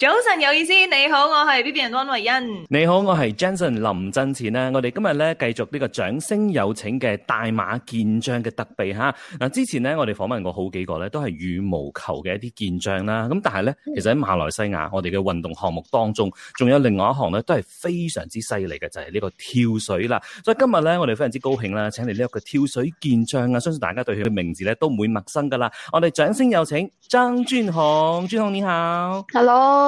早晨有意思，你好，我係 B B 人安慧恩你好，我係 Johnson 林振前。啊、我哋今日繼續呢個掌聲有請嘅大馬健將嘅特備。啊啊、之前咧我哋訪問過好幾個都係羽毛球嘅一啲健將啦，但係咧，其實喺馬來西亞我哋嘅運動項目當中，仲有另外一項都係非常之犀利嘅，就係呢個跳水啦。所以今日咧我哋非常之高興啦請嚟呢一個跳水健將。啊、相信大家對佢嘅名字呢都唔會陌生噶啦，我哋掌聲有請張專鴻，專鴻你好，Hello。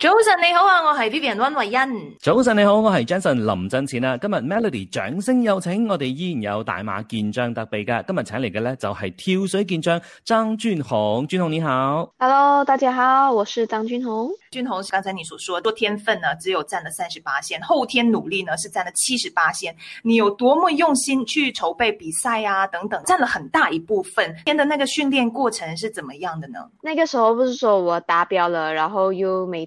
早晨你好啊，我係 Vivian 溫慧欣。早晨你好，我係 Jensen 林振錢、啊、今日 Melody 掌聲有請，我哋依然有大馬健將特備噶。今日請嚟嘅咧就係、是、跳水健將張俊虹，俊虹你好。Hello，大家好，我是張俊虹。俊虹是剛才你所說多天分呢，只有佔了三十巴仙，後天努力呢是佔了七十巴仙。你有多麼用心去籌備比賽啊？等等，佔了很大一部分。天的那個訓練過程是怎麼樣的呢？那個時候不是說我達標了，然後又沒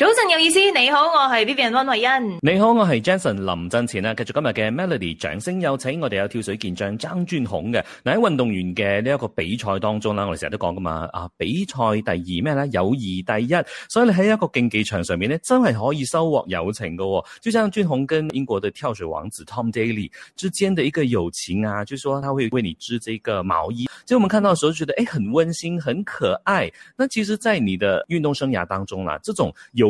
早晨有意思，你好，我係 B B N 溫慧欣。你好，我係 Jason 林振前啊。繼續今日嘅 Melody 掌聲，有請我哋有跳水健將張俊雄嘅。嗱喺運動員嘅呢一個比賽當中啦、啊，我哋成日都講噶嘛啊，比賽第二咩咧？友誼第一，所以你喺一個競技場上面咧，真係可以收穫友情噶、哦、就像俊雄跟英國的跳水王子 Tom Daley 之間的一個友情啊，就是、說他會為你織這個毛衣，即係我們看到的時候覺得誒、欸，很溫馨，很可愛。那其實，在你的運動生涯當中啦、啊，這種友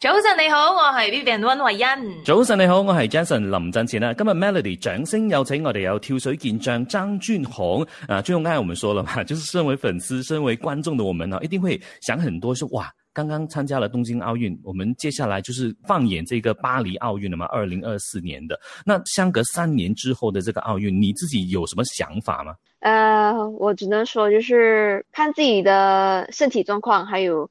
早晨你好，我係 Vivian 温慧欣。早晨你好，我係 Jason 林振前啦。今日 Melody 掌聲有請我哋有跳水健將張,張俊宏。啊，就用剛才我們說了嘛，就是身為粉絲、身為觀眾的我們呢、啊，一定會想很多說，說哇，剛剛參加了東京奧運，我們接下來就是放眼這個巴黎奧運了，咁嘛二零二四年的，那相隔三年之後的這個奧運，你自己有什麼想法嗎？呃、uh, 我只能說，就是看自己的身體狀況，還有。